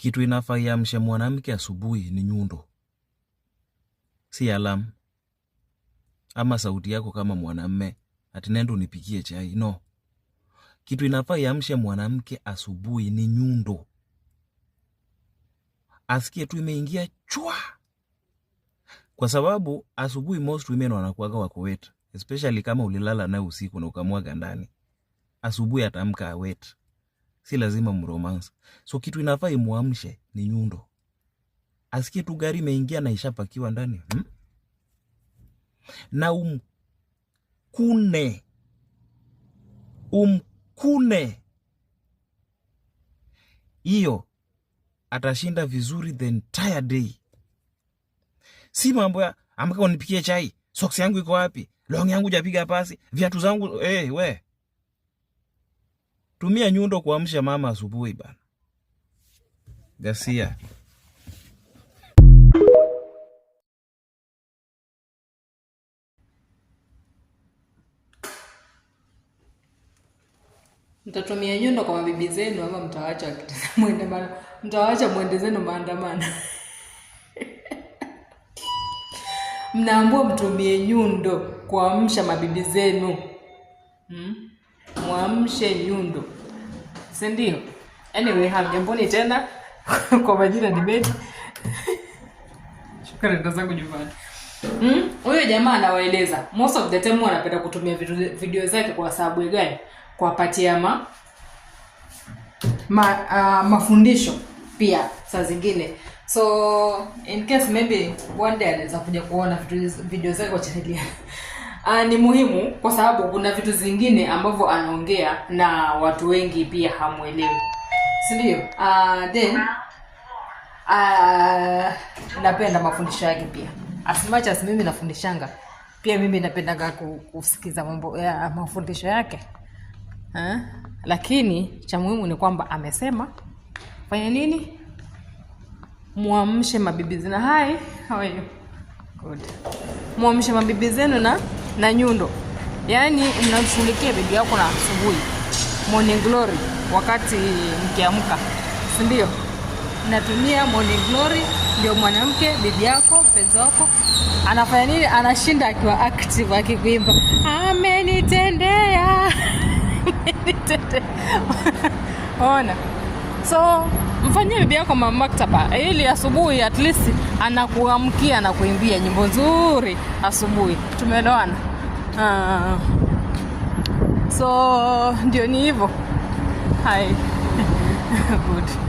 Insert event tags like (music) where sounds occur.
Kitu inafaa iamshe mwanamke asubuhi ni nyundo, si alam ama sauti yako kama mwanamme ati nenda unipikie chai. No, kitu inafaa iamshe mwanamke asubuhi ni nyundo, asikie tu imeingia chwa, kwa sababu asubuhi most women wanakuaga wako wet, especially kama ulilala naye usiku na ukamwaga ndani, asubuhi atamka wet si lazima mromance. So kitu inafaa imuamshe ni nyundo, asikie tu gari imeingia na ishapakiwa ndani hmm? na umkune umkune, hiyo atashinda vizuri the entire day. Si mambo ya amka unipikie chai, soksi yangu iko wapi, long yangu japiga pasi, viatu zangu eh, we Tumia nyundo kuamsha mama asubuhi bana. Gasia. Mtatumia nyundo kwa mabibi zenu ama mtawacha mwende maana mtawacha mwende zenu maandamano. (laughs) Mnaambua mtumie nyundo kuamsha mabibi zenu. Hmm? mwamshe nyundo, si ndio? Anyway, hamjamboni tena (laughs) kwa majina ni Beti. (laughs) Shukrani ndo zangu hmm? Huyo jamaa anawaeleza most of the time anapenda kutumia video, video zake kwa sababu gani? Kuwapatia ma, ma uh, mafundisho pia saa zingine so in case maybe one day anaweza kuja kuona video zake kwa chaneli (laughs) uh, ni muhimu kwa sababu kuna vitu zingine ambavyo anaongea na watu wengi pia hamwelewi, si ndio? Uh, then uh, napenda mafundisho yake pia, as as mimi nafundishanga pia mimi napendaga kusikiza mambo ya mafundisho yake ha? Lakini cha muhimu ni kwamba amesema fanya nini, mwamshe mabibi zina hai. Good. Mwamshe mabibi zenu na na nyundo. Yaani mnamshughulikia bibi yako na asubuhi morning glory, wakati mkiamka, si ndio? Natumia morning glory, ndio mwanamke bibi yako mpenzi wako anafanya nini? Anashinda akiwa active, akikuimba amenitendea, (laughs) amenitendea (laughs) ona So mfanyie bibi yako maktaba ili asubuhi at least anakuamkia, kuimbia nyimbo nzuri asubuhi. Tumeelewana? uh, So ndio ni hivyo. Hai. (laughs) Good.